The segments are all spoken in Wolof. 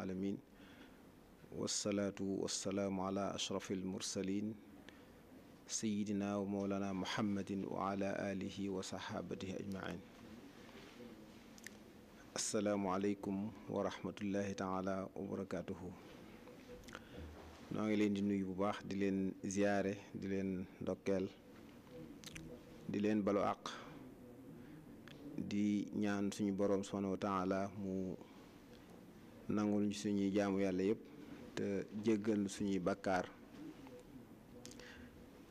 alamin wassalaatu wassalaamu ala ashrafi almursalin sayidina wa mawlana muhammadin wa ala alihi wa sahaabatihi ajmain asalaamualeykum wa rahmatullahi taala wa barakatuhu noo ngi leen di nuyu bu baax di leen ziyaare di leen ndokkeel di leen balu àq di ñaan suñu boroom subhaanahu wa taala mu nangul suñuy jaamu yàlla yépp te jéggal suñuy bakkaar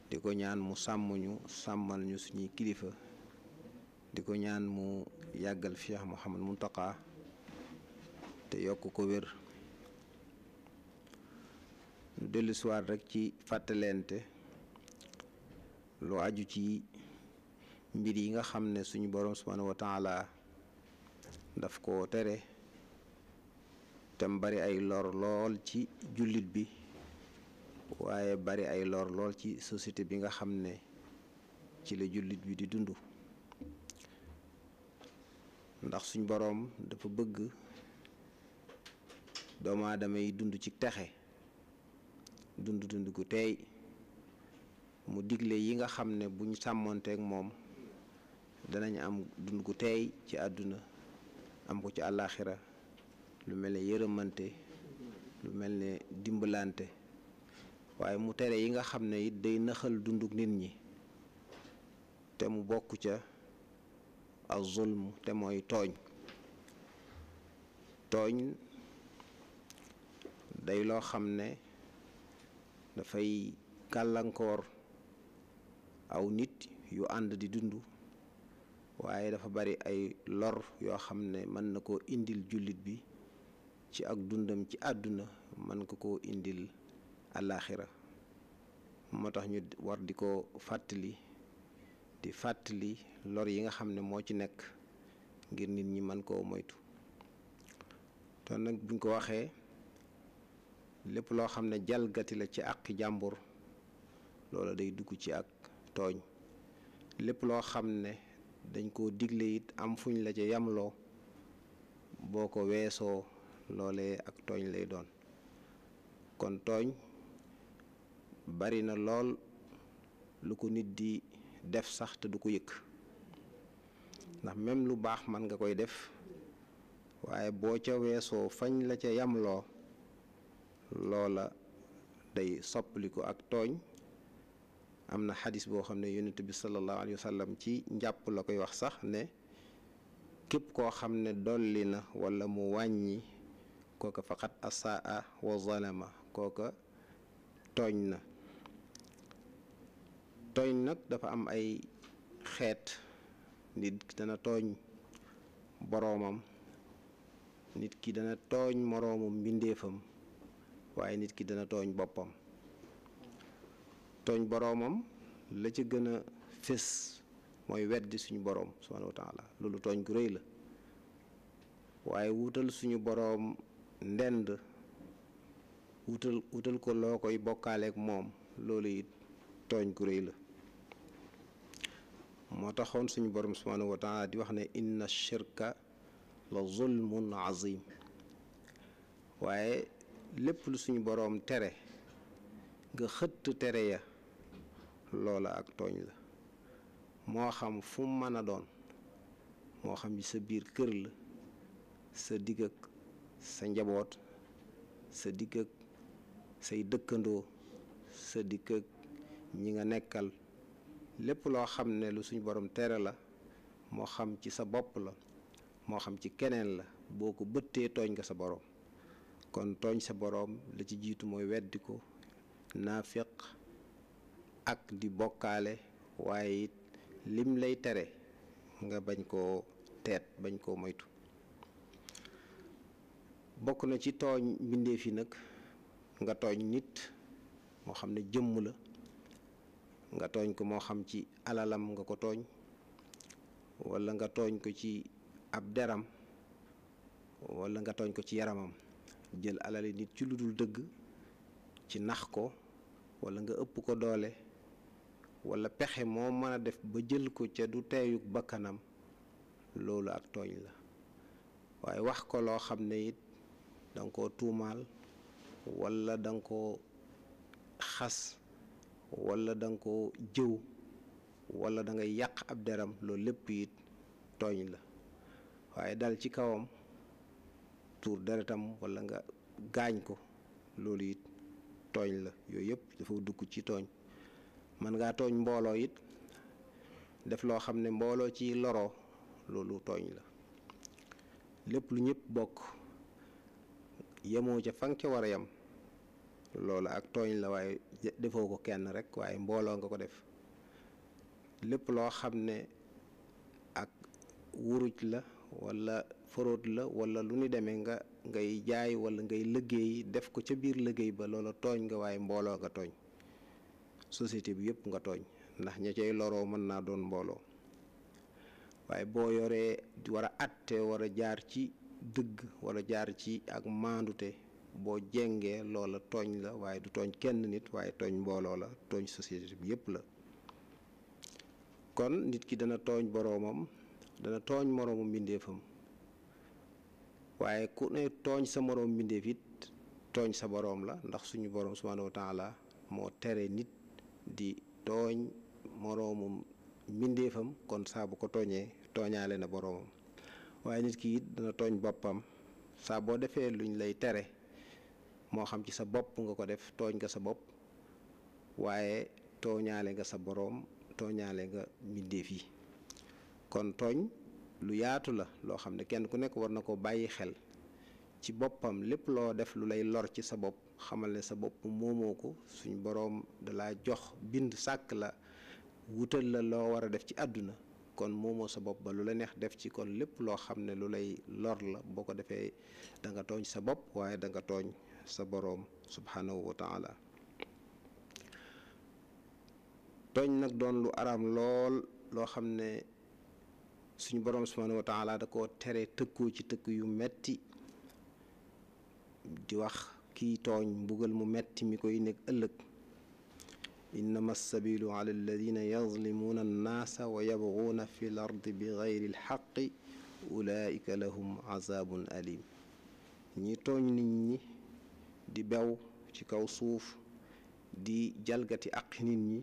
di ko ñaan mu sàmm ñu sàmmal ñu suñuy kilifa di ko ñaan mu yàggal Cheikh Mouhamed Mountakha te yokk ko wér lu dellu siwaat rek ci fàttalente lu aju ci mbir yi nga xam ne suñu boroom subhaanahu wa daf ko tere te bari ay lor lool ci jullit bi waaye bari ay lor lool ci société bi nga xam ne ci la jullit bi di dund ndax suñ boroom dafa bëgg doomu yi dund ci texe dund dund gu teey mu digle yi nga xam ne buñ sàmmoonteek moom danañ am dund gu teey ci àdduna am ko ci àllaaxira lu mel ne yërëmante lu mel ne dimbalante waaye mu tere yi nga xam ne it day naxal dunduk nit ñi te mu bokk ca ak zulm te mooy tooñ tooñ day loo xam ne dafay kàllankoor aw nit yu ànd di dund waaye dafa bari ay lor yoo xam ne mën na koo indil jullit bi ci ak dundam ci àdduna man ko koo indil àllaaxira moo tax ñu war di ko fàttali di fàttali lor yi nga xam ne moo ci nekk ngir nit ñi man koo moytu te nag buñ ko waxee lépp loo xam ne jalgati la ci àqi jàmbur loola day dugg ci ak tooñ lépp loo xam ne dañ koo digle it am fuñ la ci yamloo boo ko weesoo loole ak tooñ lay doon kon tooñ bari na lool lu ko nit di def sax te du ko yëg ndax même lu baax man nga koy def waaye boo ca weesoo fañ la ca yamloo loola day soppaliku ak tooñ am na xadis boo xam ne yonent bi sallallahu alayhi wa ci njàpp la koy wax sax ne képp koo xam ne dolli na walla mu wàññi kooka faqat asaa wa zalama kooka tooñ na tooñ nag dafa am ay xeet nit dana tooñ boroomam nit ki dana tooñ moroomu mbindeefam waaye nit ki dana tooñ boppam tooñ boroomam la ci gën a fés mooy weddi suñu boroom subhaanahu wa taala loolu tooñ gu rëy la waaye wutal suñu boroom ndend wutal wutal ko loo koy bokkaaleek moom loolu it tooñ gu réy la moo taxoon suñu borom subhanahu wa di wax ne inna shirka la zulmun azim waaye lépp lu suñu boroom tere nga xëtt tere ya loola ak tooñ la moo xam fu mu a doon moo xam ci sa biir kër la sa digg ak sa njaboot sa dikk ak say dëkkandoo sa dikk ñi nga nekkal lépp loo xam ne lu suñ boroom tere la moo xam ci sa bopp la moo xam ci keneen la boo ko bëttee tooñ nga sa boroom kon tooñ sa boroom la ci jiitu mooy weddi ko naafiq ak di bokkaale waaye it lim lay tere nga bañ koo teet bañ koo moytu bokk na ci tooñ mbindeef yi nag nga tooñ nit moo xam ne jëmm la nga tooñ ko moo xam ci alalam nga ko tooñ wala nga tooñ ko ci ab deram wala nga tooñ ko ci yaramam jël alali nit ci lu dul dëgg ci nax ko wala nga ëpp ko doole wala pexe moo mën a def ba jël ko ca du teeyug bakkanam loolu ak tooñ la waaye wax ko loo xam ne it da nga koo tuumaal wala da nga xas wala da nga jëw wala da ngay yàq ab deram loolu lépp it tooñ la waaye dal ci kawam tuur deretam walla nga gaañ ko loolu it tooñ la yooyu yëpp dafa dugg ci tooñ mën ngaa tooñ mbooloo it def loo xam ne mbooloo ci loro loolu tooñ la lépp lu ñëpp bokk yemoo ca fa nga war a yem loolu ak tooñ la waaye defoo ko kenn rek waaye mbooloo nga ko def lépp loo xam ne ak wuruj la wala foroot la wala lu ni demee nga ngay jaay walla ngay liggéey def ko ca biir liggéey ba loola tooñ nga waaye mbooloo nga tooñ société bi yëpp nga tooñ ndax ña cay loroo mën naa doon mbooloo waaye boo yoree war a atte a jaar ci dëgg wala jaar ci ak maandute boo jengee loola tooñ la waaye du tooñ kenn nit waaye tooñ mbooloo la tooñ société bi yépp la kon nit ki dana tooñ boroomam dana tooñ moroomu mbindeefam waaye ku ne tooñ sa moroom mbindeef it sa boroom la ndax suñu boroom subhaanahu wa la moo tere nit di tooñ moroomum mbindeefam kon saa bu ko tooñee tooñaale na boroomam waaye nit kii it dana tooñ boppam saa boo defee luñ lay tere moo xam ci sa bopp nga ko def tooñ nga sa bopp waaye tooñaale nga sa boroom tooñaale nga mbindéef yi kon tooñ lu yaatu la loo xam ne kenn ku nekk war na ko bàyyi xel ci boppam lépp loo def lu lay lor ci sa bopp xamal ne sa bopp moomoo ko suñ boroom dalaa jox bind sàkk la wutal la loo war a def ci àdduna kon moomoo sa bopp ba lu la neex def ci kon lépp loo xam ne lu lay lor la boo ko defee da nga tooñ sa bopp waaye danga tooñ sa boroom subhanahu wa taala tooñ nag doon lu araam lool loo xam ne suñu boroom subhanahu wa da koo tere tëkkoo ci tëkk yu metti di wax kiy tooñ mbugal mu metti mi koy nekk ëllëg innama alsabilu ala alladina yazlimuuna annaasa wa yabguuna fi l ardi bi geyri lxaqi ulaika lahum azabun alim ñi tooñ nit ñi di bew ci kaw suuf di jalgati aq nit ñi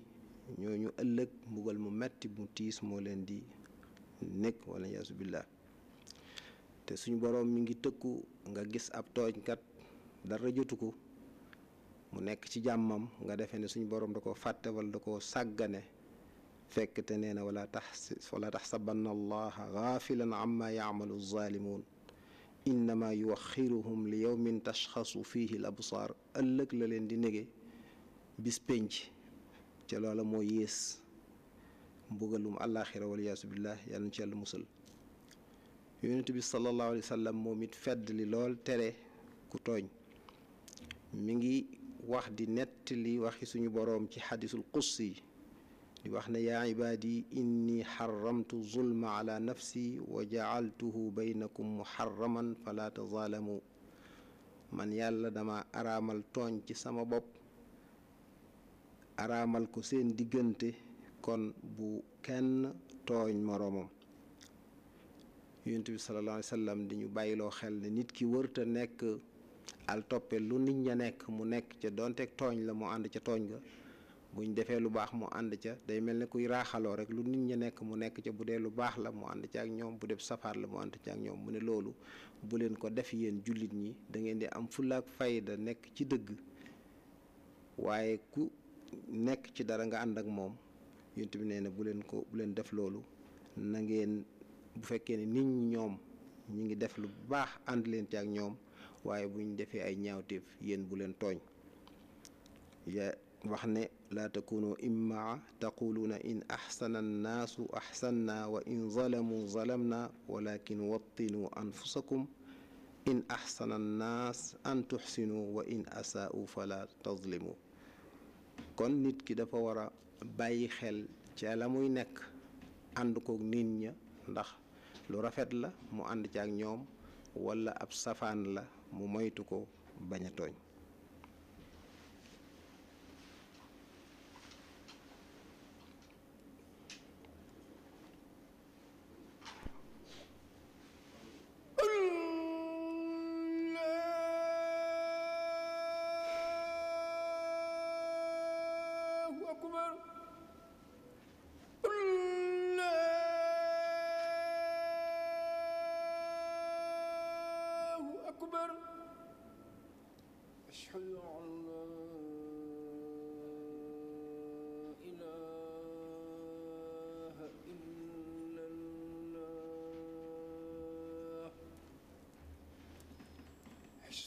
ñooñu ëllëg mbugal mu metti mu tiis moo leen di nekk walla yaasu billah te suñu boroom mu ngi tëkku nga gis ab tooñkat dara jotu ko mu nekk ci jàmmam nga defee ne suñu borom da koo fàtte wala da koo sàggane fekk te nee na wala tax wala taxsabanna allaha gaafilan amma yaamalu zaalimuun innama yuwaxiruhum li yowmin tashxasu fihi absaar ëllëg la leen di nége bis ca loola moo yées mbugalum àllaaxira waliyaasu billah yàlla na ci yàlla musal bi sallallahu alayhi wa moom it fedd li lool tere ku tooñ mi ngi wax di nettali waxi suñu boroom ci xadisul qudsi di wax ne yaa ibaadi inni xaramtu zulma ala nafsi wa jacaltuhu baynakum muxarraman fala tazaalamu man yàlla dama araamal tooñ ci sama bopp araamal ko seen diggante kon bu kenn tooñ moroomam yonent bi sallallahu di ñu bàyyiloo xel ne nit ki wërta nekk al toppe lu nit ña nekk mu nekk ca donte tooñ la mu ànd ca tooñ ga buñ defee lu baax mu ànd ca day mel ne kuy raaxaloo rek lu nit ña nekk mu nekk ca bu dee lu baax la mu ànd ca ak ñoom bu def safaar la mu ànd ca ak ñoom mu ne loolu bu leen ko def yéen jullit ñi da di am fulaak fayda nekk ci dëgg waaye ku nekk ci dara nga ànd ak moom yonent bi nee bu leen ko bu leen def loolu nangeen bu fekkee ne nit ñi ñoom ñu ngi def lu baax ànd leen ci ak ñoom waaye bu ñu defee ay ñaawteef yéen bu leen tooñ wax ne laa takunu immaa taquluuna in axsana annaasu axsanna wa in zalamu zalamna walakin wattinu anfusakum an tuxsinu wa in asaa'u fala tazlimu kon nit ki dafa war a bàyyi xel ca la muy nekk ànd kook nit ña ndax lu rafet la mu ànd ci ak ñoom wala ab safaan la mu moytu ko bañ a tooñ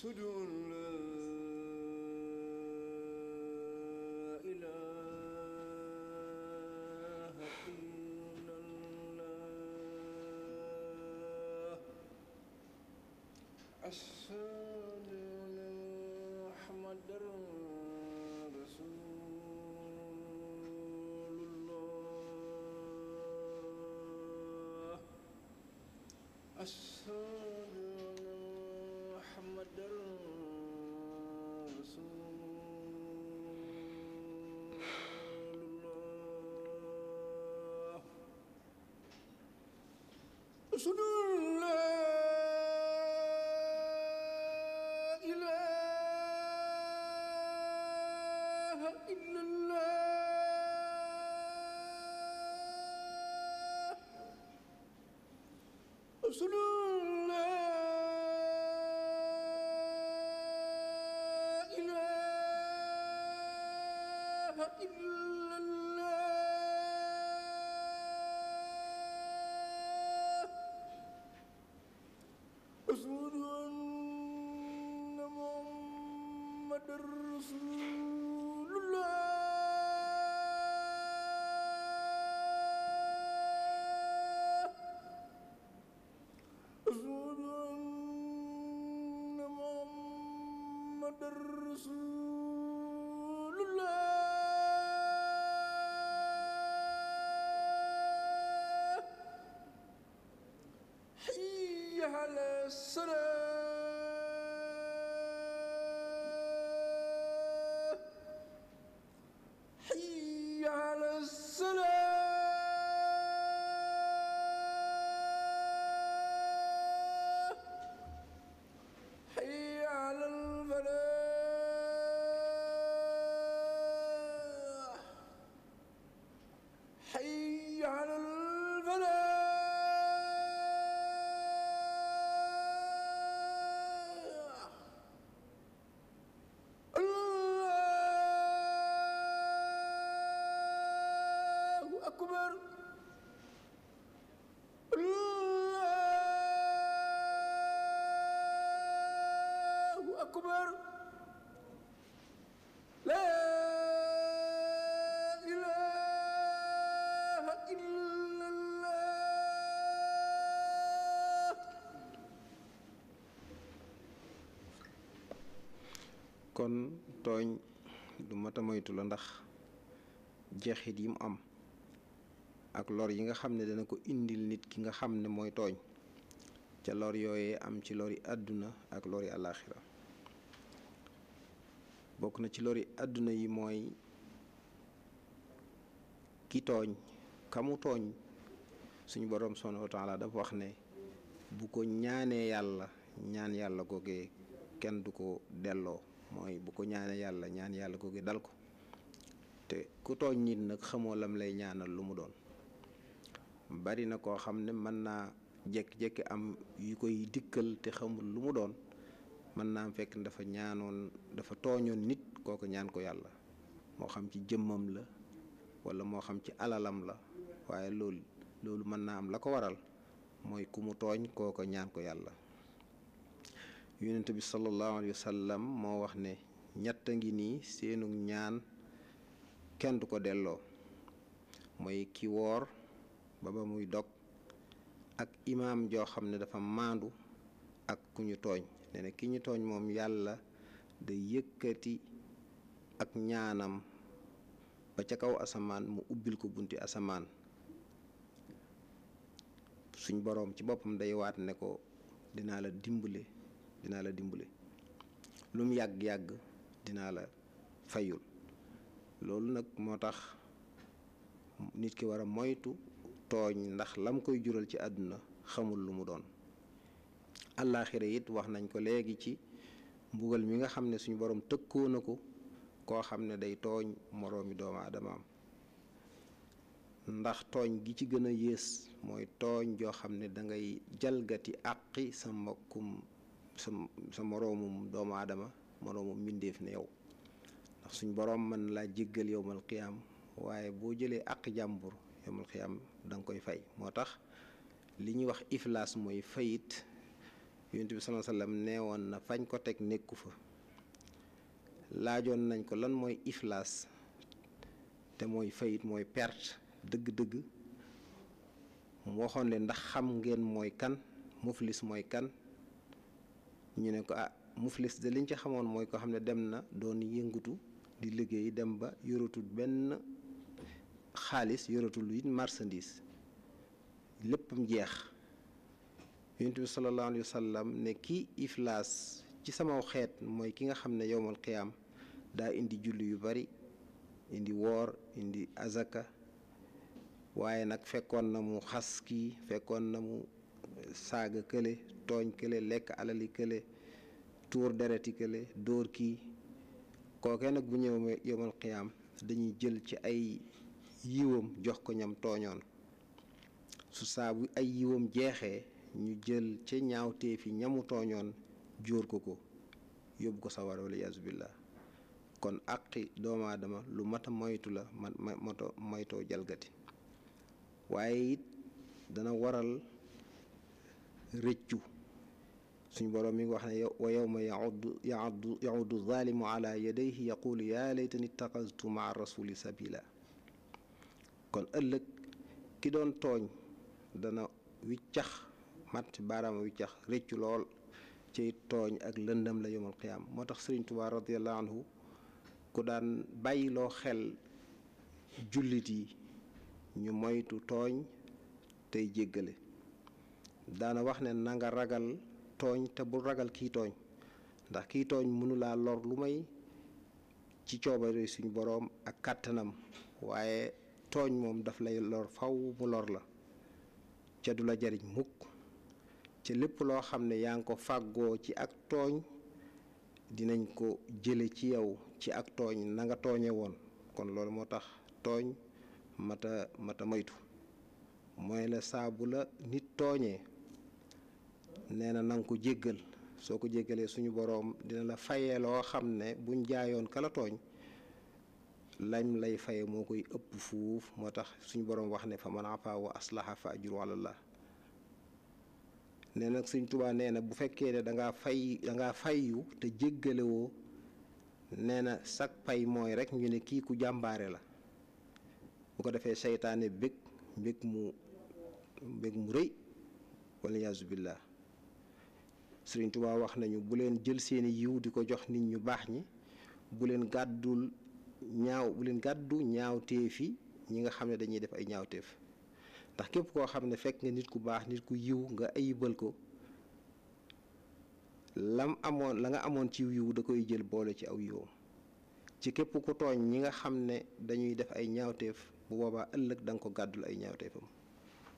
أشهد أن لا إله إلا الله أشهد sunu laa ilaaha illallaah sunu محمد رسول الله حي على السلام أكبر kon tooñ du mat a moytu ndax jeexit yi mu am ak lor yi nga xam ne dana ko indil nit ki nga xam ne mooy tooñ ca lor yooyee am ci lori àdduna ak lori àllaaxira bokk na ci lori àdduna yi mooy ki tooñ kamu tooñ suñu borom subhanahu wa taala dafa wax ne bu ko ñaanee yàlla ñaan yàlla googee kenn du ko delloo mooy bu ko ñaanee yàlla ñaan yàlla googee dal ko te ku tooñ nit nag xamoo lam lay ñaanal lu mu doon bari na koo xam ne mën naa jékki-jékki am yu koy dikkal te xamul lu mu doon mën naa am fekk dafa ñaanoon dafa tooñoon nit kooku ñaan ko yàlla moo xam ci jëmmam la walla moo xam ci alalam la waaye loolu loolu mën naa am la ko waral mooy ku mu tooñ kooku ñaan ko yàlla yonent bi sallallahu alayhi wa sallam moo wax ne ñett a ngi nii seenu ñaan kenn du ko delloo mooy ki woor ba ba muy dog ak imaam joo xam ne dafa maandu ak ku ñu tooñ nee na ki ñu tooñ moom yàlla da yëkkati ak ñaanam ba ca kaw asamaan mu ubbil ko bunti asamaan suñ boroom ci boppam day waat ne ko dinaa la dimbale dinaa la dimbale lum yàgg-yàgg dinaa la fayul loolu nag moo tax nit ki war a moytu tooñ ndax lam koy jural ci àdduna xamul lu mu doon àllaaxira it wax nañ ko léegi ci mbugal mi nga xam ne suñu borom tëkkoo na ko koo xam ne day tooñ moroomi doomu aadamaam ndax tooñ gi ci gën a yées mooy tooñ joo xam ne dangay jalgati àqi sa mbokkum sa sa moroomum doomu aadama moroomum mbindeef ne yow ndax suñ boroom mën laa jéggal yowmal qiyaam waaye boo jëlee àq jàmbur yowmal qiyaam da koy fay moo tax li ñuy wax iflaas mooy fayit yonent bi sallallahu alayhi wasallam neewoon na fañ ko teg nekku fa laajoon nañ ko lan mooy iflaas te mooy fayit mooy perte dëgg-dëgg mu waxoon leen ndax xam ngeen mooy kan muflis mooy kan ñu ne ko ah muflis de liñ ci xamoon mooy ko xam ne dem na doon yëngatu di liggéey dem ba yoratul benn xaalis yoratul it marsandiis léppam jeex yonent bi sallallahu alayhi wa sallam ne kii iflaas ci samaw xeet mooy ki nga xam ne yowmal qiyaam daa indi julli yu bari indi woor indi azaka waaye nag fekkoon na mu xas ki fekkoon na mu saaga kële tooñ kële lekk alali kële tuur dereti kële dóor ki kookee nag bu ñëw yowmal qiyaam dañuy jël ci ay yiwam jox ko ñam tooñoon su saa ay yiwam jeexee ñu jël ca ñaawteef yi ñamu tooñoon jóor ko ko yóbbu ko sawara wala yaasu billah kon àqi doomu lu mat moytu la ma moto jalgati waaye it dana waral rëccu suñu borom mi ngi wax ne wa ya yauddu yauddu yaudu zaalimu ala yadayhi yaqulu yaa laytani ittaxastu maa rasuli sabila kon ëllëg ki doon tooñ dana wiccax mat baaraama wiccax rëccu lool ci tooñ ak lëndam la yomal xiyaam moo tax sëriñ Tuubaa radiyallaahu anhu ku daan bàyyiloo xel jullit yi ñu moytu tooñ tey jéggale daana wax ne nanga nga ragal tooñ te bul ragal kiy tooñ ndax kiy tooñ mënulaa lor lu may ci coobare suñu boroom ak kàttanam waaye tooñ moom daf lay lor faw mu lor la ca du la jariñ mukk ci lépp loo xam ne yaa ngi ko fàggoo ci ak tooñ dinañ ko jële ci yow ci ak tooñ nanga nga tooñe woon kon loolu moo tax tooñ mata mata moytu mooy la saabu la nit tooñee nee na nanga ko jéggal soo ko jéggalee suñu boroom dina la fayee loo xam ne buñ jaayoon kala tooñ lañ lay faye moo koy ëpp fuuf moo tax suñu boroom wax ne fa man afa wa aslaha fa ajru alallah nee nag sëñ tubaa nee na bu fekkee ne dangaa fay dangaa fay fayyu te jéggalewoo nee na sag pay mooy rek ñu ne kii ku jàmbaare la bu ko defee seytaane bég mbég mu mbég mu rëy wala yaasu billah tubaa wax nañu bu leen jël seeni yiw di ko jox nit ñu baax ñi bu leen gàddul ñaaw bu leen gàddu ñaawteefi ñi nga xam ne dañuy def ay ñaawteef ndax képp koo xam ne fekk nga nit ku baax nit ku yiw nga ayibal ko lam amoon la nga amoon ci yiw da koy jël boole ci aw yiwam ci képp ku tooñ ñi nga xam ne dañuy def ay ñaawteef bu boobaa ëllëg danga ko gàddul ay ñaawteefam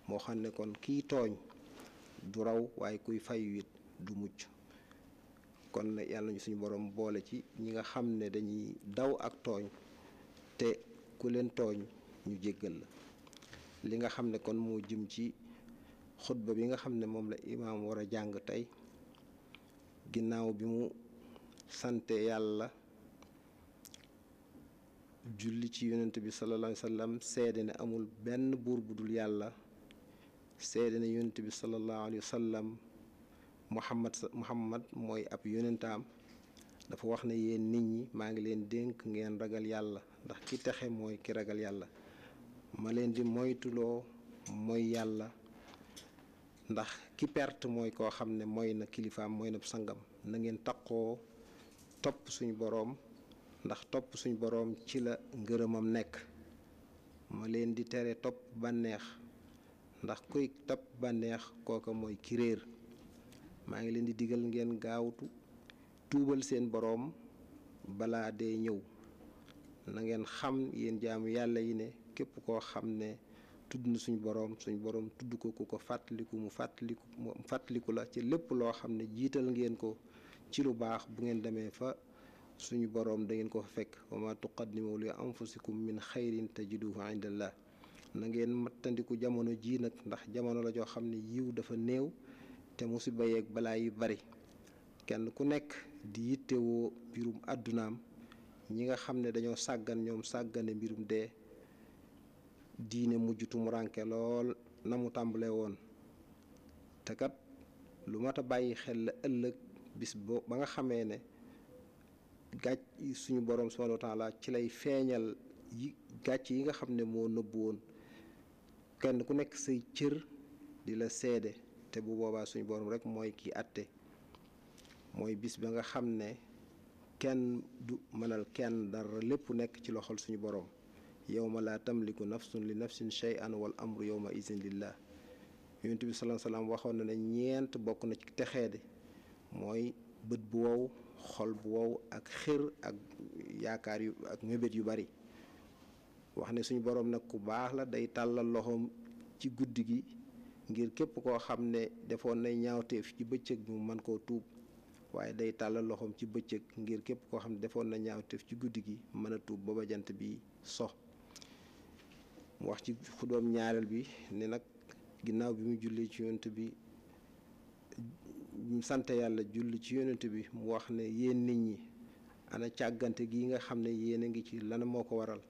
moo xam ne kon kiy tooñ du raw waaye kuy fay wit du mucc kon na yàlla suñu boroom boole ci ñi nga xam ne dañuy daw ak tooñ te ku leen tooñ ñu jéggal la li nga xam ne kon moo jëm ci xutba bi nga xam ne moom la imaam war a jàng tey ginnaaw bi mu sante yàlla julli ci yonent bi sallallahu alayhi wa sallam seede ne amul benn buur bu dul yàlla seede ne yonent bi sallallahu alayhi wa sallam muhammad muhammad mooy ab yonentaam dafa wax ne yéen nit ñi maa ngi leen dénk ngeen ragal yàlla ndax ki texe mooy ki ragal yàlla ma leen di moytuloo mooy yàlla ndax ki perte mooy koo xam ne mooy na kilifaam mooy na sangam nangeen takkoo topp suñu boroom ndax topp suñu boroom ci la ngërëmam nekk ma leen di tere topp bànneex ndax kuy topp bànneex kooka mooy ki réer maa ngi leen di diggal ngeen gaawtu tuubal seen boroom balaa dee ñëw na ngeen xam yéen jaamu yàlla yi ne képp koo xam ne tudd na suñ boroom suñ boroom tudd ko ku ko fàttaliku mu fàttaliku mu fàttaliku la ci lépp loo xam ne jiital ngeen ko ci lu baax bu ngeen demee fa suñu boroom da ngeen ko fa fekk wa ma tuqaddimu li anfusikum min xayrin tajiduhu indallah na ngeen mattandiku jamono jii nag ndax jamono la joo xam ne yiw dafa néew te musiba yeeg balaa yu bari kenn ku nekk di yittewoo mbirum àddunaam ñi nga xam ne dañoo sàggan ñoom sàggane mbirum dee diine mujj tumuranke lool na mu tàmbalee woon te kat lu mat a bàyyi xel la ëllëg bis bo ba nga xamee ne gàcc suñu borom subhanahu wa taala ci lay feeñal yi gàcc yi nga xam ne moo nëbbu woon kenn ku nekk say cër di la seede te bu boobaa suñu borom rek mooy kii àtte mooy bis ba nga xam ne kenn du mënal kenn dara lépp nekk ci loxol suñu boroom yawma laa tamliku nafsun li nafsin shay'an wal amru yawma izin lillah yonent bi sallallahu alayhi wasallam waxoon na ne ñeent bokk na ci texee texeede mooy bët bu wow xol bu wow ak xër ak yaakaar yu ak mébét yu bari wax ne suñu boroom nag ku baax la day tàllal loxoom ci guddi gi ngir képp koo xam ne defoon na ñaawteef ci bëccëg mu mën koo tuub waaye day tàllal loxoom ci bëccëg ngir képp koo xam ne defoon na ñaawteef ci guddi gi mën a tuub ba ba bi so mu wax ci xutbaam ñaareel bi ne nag ginnaaw bi mu jullee ci yonent bi mu sant yàlla julli ci yonent bi mu wax ne yéen nit ñi ana càggante gi nga xam ne yéen a ngi ci lan moo ko waral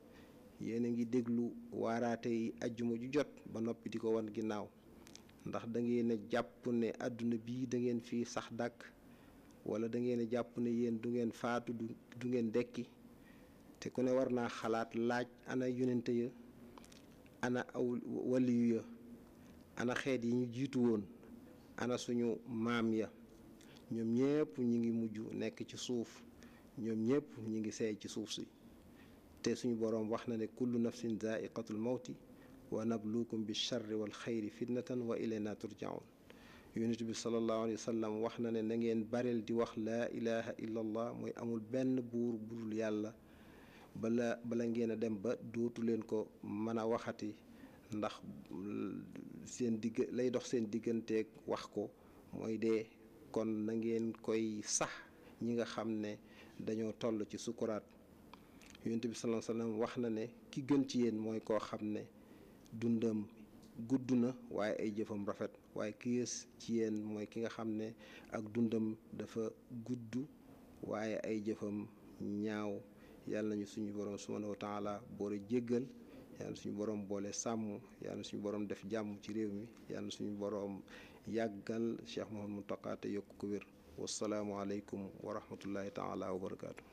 yéen a ngi déglu waaraate yi ajjuma ju jot ba noppi di ko wan ginnaaw ndax da ngeen a jàpp ne àdduna bii da ngeen fii sax dàkk wala da ngeen jàpp ne yéen du ngeen faatu du ngeen dekki te ku ne war naa xalaat laaj ana yonente ya ana aw waliyu ya ana xeet yi ñu jiitu woon ana suñu maam ya ñoom ñépp ñu ngi mujj nekk ci suuf ñoom ñépp ñi ngi seey ci suuf si te suñu boroom wax na ne kullu nafsin zaiqatul mawti wa nabluukum bi charri wal xayri fitnatan wa ilayna turjaun yonent bi salallahu wax na ne na ngeen bareel di wax laa ilaha mooy amul benn buur budul yàlla bala bala ngeen a dem ba dootu leen ko mën a waxati ndax seen digg lay dox seen digganteeg wax ko mooy dee kon na ngeen koy sax ñi nga xam ne dañoo toll ci sukuraat yonent bi sallallahu alayhi wax na ne ki gën ci yéen mooy koo xam ne dundam gudd na waaye ay jëfam rafet waaye ki yées ci yéen mooy ki nga xam ne ak dundam dafa gudd waaye ay jëfam ñaaw yàlla nañu suñu borom subhanahu wa taala boole jéggal yàlla na suñu borom boole sàmm yàlla na suñu borom def jàmm ci réew mi yàlla na suñu borom yàggal Cheikh Mouhamadou mu te yokk ko wér wasalaamualeykum wa rahmatullahi taala wa barakaatu.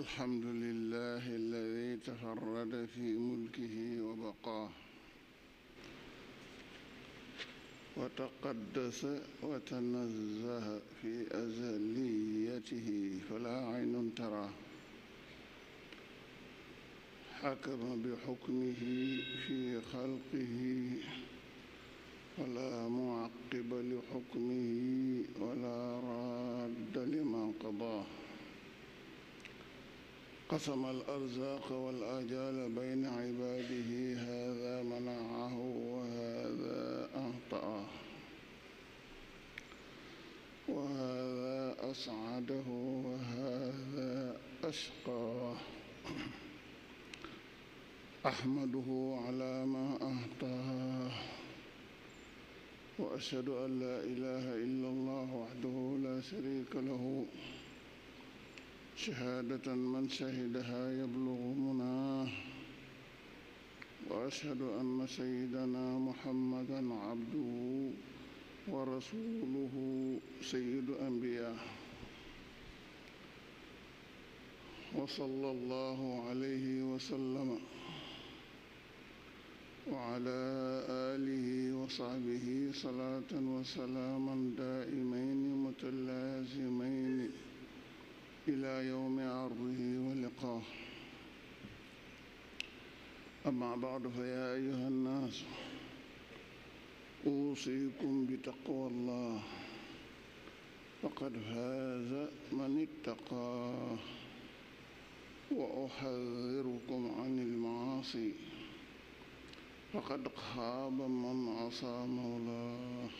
الحمد لله الذي تفرد في ملكه وبقاه وتقدس وتنزه في أزليته فلا عين تراه حكم بحكمه في خلقه ولا معقب لحكمه ولا راد لما قضاه قسم الأرزاق والآجال بين عباده هذا منعه وهذا أعطاه وهذا أسعده وهذا أشقاه أحمده على ما أعطاه وأشهد أن لا إله إلا الله وحده لا شريك له شهادة من شهدها يبلغ مناه وأشهد أن سيدنا محمدا عبده ورسوله سيد أنبياء وصلى الله عليه وسلم وعلى آله وصحبه صلاة وسلاما دائمين متلازمين إلى يوم عرضه ولقاه أما بعد فيا أيها الناس أوصيكم بتقوى الله فقد فاز من اتقاه وأحذركم عن المعاصي فقد خاب من عصى مولاه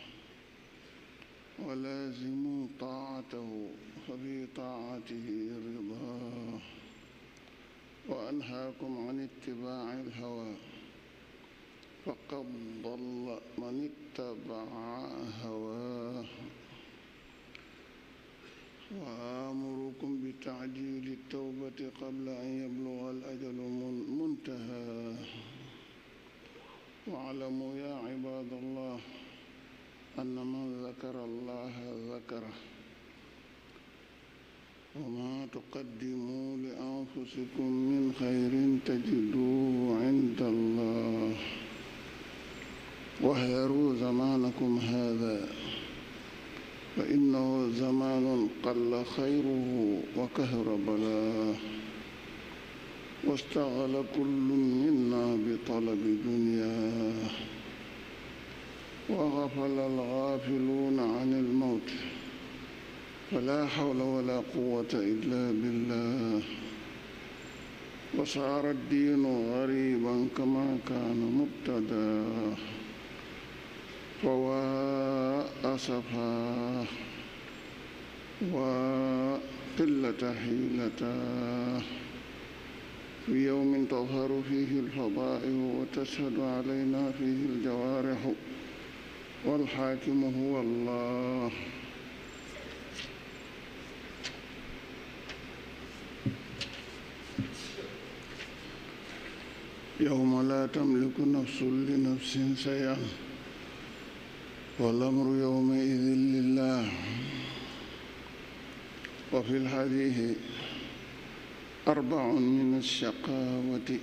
ولازموا طاعته وفي طاعته رضاه وأنهاكم عن اتباع الهوى فقد ضل من اتبع هواه وآمركم بتعجيل التوبة قبل أن يبلغ الأجل منتهى واعلموا يا عباد الله أن من ذكر الله ذكره وما تقدموا لأنفسكم من خير تجدوه عند الله واحذروا زمانكم هذا فإنه زمان قل خيره وكهر بلاه واستغل كل منا بطلب دنياه وغفل الغافلون عن الموت فلا حول ولا قوة إلا بالله وصار الدين غريبا كما كان مبتدا وأسفا وقلة حيلته في يوم تظهر فيه الفضائح وتشهد علينا فيه الجوارح والحاكم هو الله yawma laa tamliku nafsun li nafsin shay'an wal amru yawma idin lillah wa fil hadithi arba'un min ash-shaqawati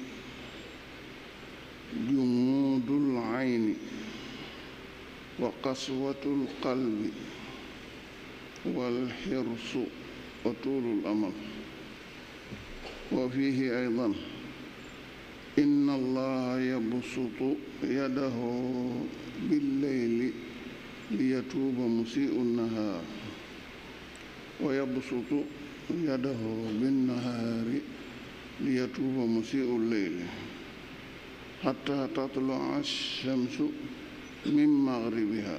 jumuudul ayni wa qaswatul qalbi wal hirsu wa tuulul amal wa fiihi aydan inna allaha yabsutu yadahu billeyli liyatuuba musii'u nnahaar wa yabsutu yadahu binnahaari liyatuuba musii'u lleyli xatta tatlu'a shamsu min maghribiha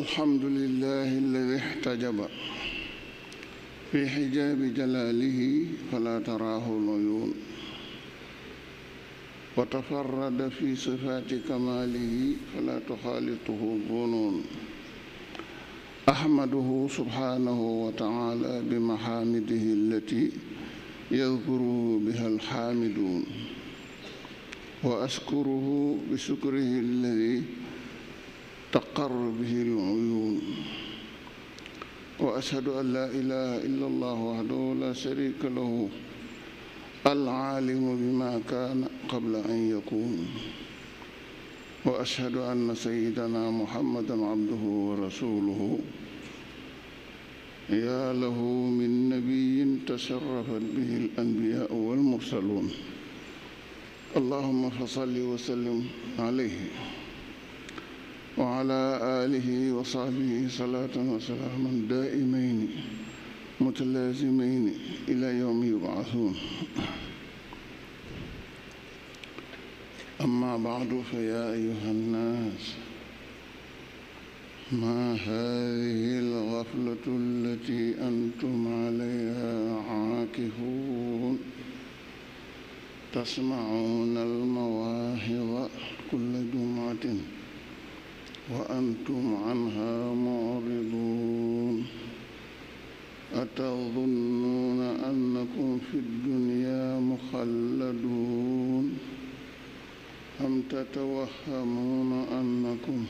الحمد لله الذي احتجب في حجاب جلاله فلا تراه العيون وتفرد في صفات كماله فلا تخالطه الظنون أحمده سبحانه وتعالى بمحامده التي يذكره بها الحامدون وأشكره بشكره الذي تقر به العيون واشهد ان لا اله الا الله وحده لا شريك له العالم بما كان قبل ان يكون واشهد ان سيدنا محمدا عبده ورسوله يا له من نبي تشرفت به الانبياء والمرسلون اللهم فصل وسلم عليه وعلى آله وصحبه صلاة وسلاما دائمين متلازمين إلى يوم يبعثون أما بعد فيا أيها الناس ما هذه الغفلة التي أنتم عليها عاكفون تسمعون المواهب كل جمعة wa antum anha mu'ridun atadhunnuna annakum fi dunya mukhalladun am tatawahhamuna annakum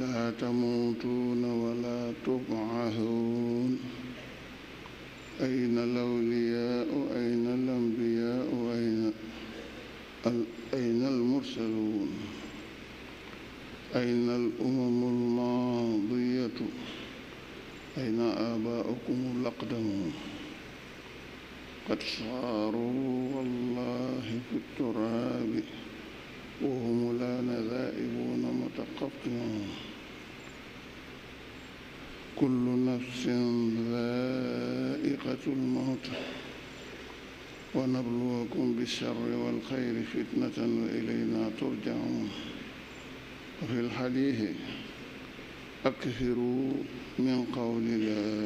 la tamutuna wala tub'athun أين الأولياء أين الأنبياء أين أين المرسلون أين الأمم الماضية أين آباؤكم الأقدمون قد صاروا والله في التراب وهم لنا ذائبون متقطعون كل نفس ذائقة الموت ونبلوكم بالشر والخير فتنة وإلينا ترجعون وفي الحديث أكثروا من قول لا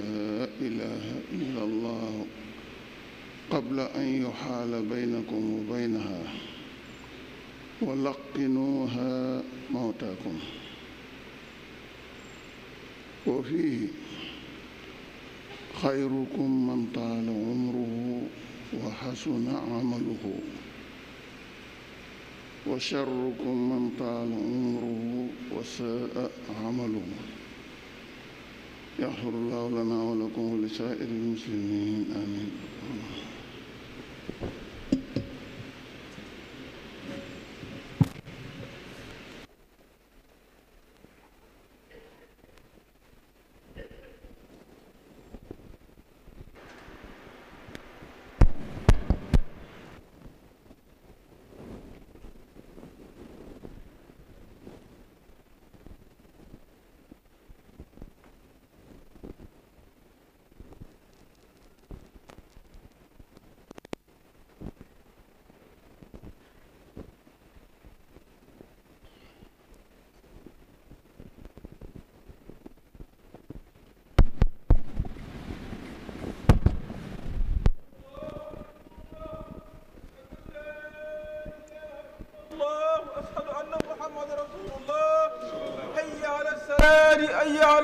إله إلا الله قبل أن يحال بينكم وبينها ولقنوها موتاكم وفيه خيركم من طال عمره وحسن عمله وشركم من طال عمره وساء عمله يغفر الله لنا ولكم ولسائر المسلمين آمين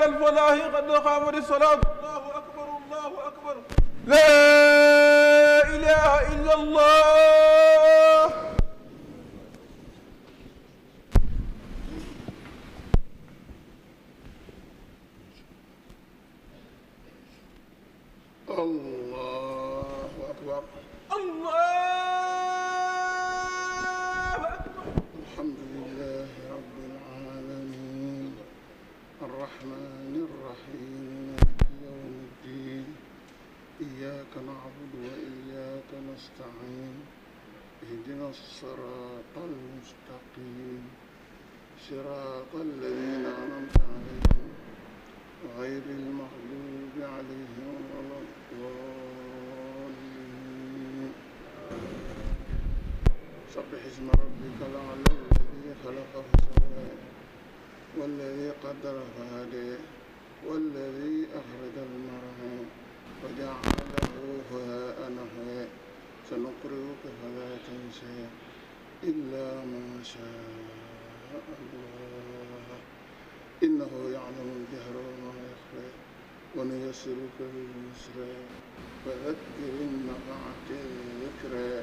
الفلاح قد قامت الصلاة الله أكبر الله أكبر لا شريك له الذي خلقه فسواه والذي قدر فهديه والذي أخرج المرعى وجعل له هاء نحوه سنقرئك فلا تنسى إلا ما شاء الله إنه يعلم الجهر وما يخفى ونيسرك لليسرى فذكر إن نفعت الذكرى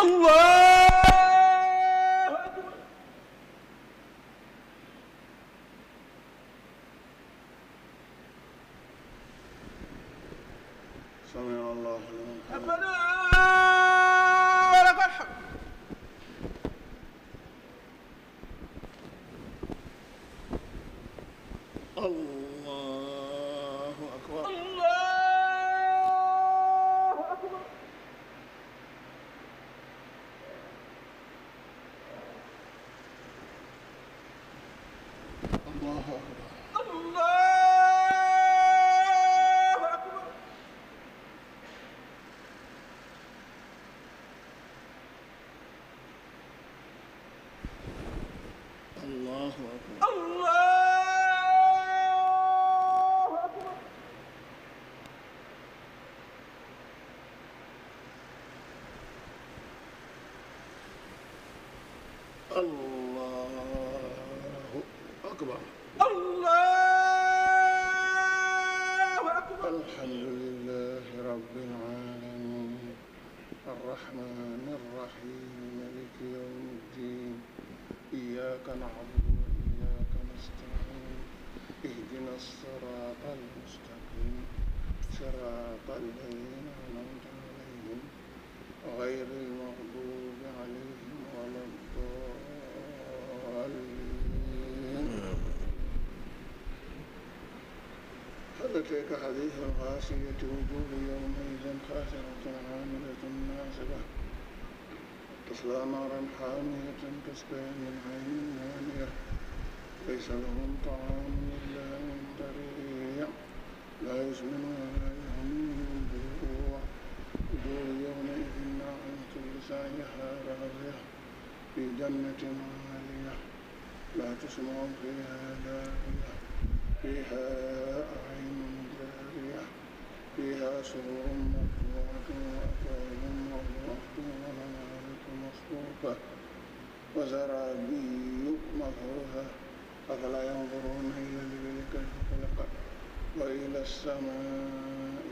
الله allahu akbar allahu akbar alhamdulillahi rabbil alamin arrahmani arrahim maliki yawmi ddin iyyaka na'budu wa iyyaka nasta'in ihdina as-sirata كحديث الغاشية وجوه يومئذ خاسرة عاملة ناصبة تصلى نارا حامية تسقى من عين آنية ليس لهم طعام إلا من ضريع لا يسمن ولا يغني من جوع وجوه يومئذ ناعمة لسعيها راضية في جنة عالية لا تسمع فيها لاغية فيها أعين شرور مكتوبة وأكواب موضوعة ومنابت مصفوفة وزرابي مطروحة أفلا ينظرون إلى الإبل كيف خلقت وإلى السماء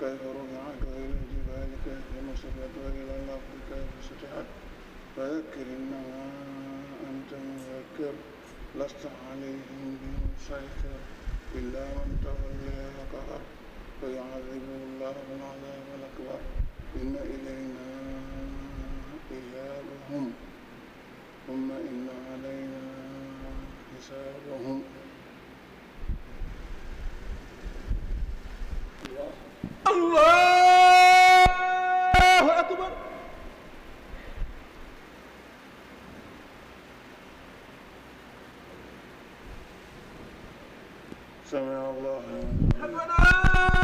كيف رفعت وإلى الجبال كيف نصبت وإلى الأرض كيف سطحت فذكر إنما أنت مذكر لست عليهم بمسيطر إلا من تولى وكفر فيعذبه الله العذاب الأكبر إن إلينا إيابهم ثم إن علينا حسابهم الله الله أكبر سمع الله حمدا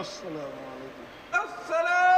asalaamaaleykum. asalaamaaleykum.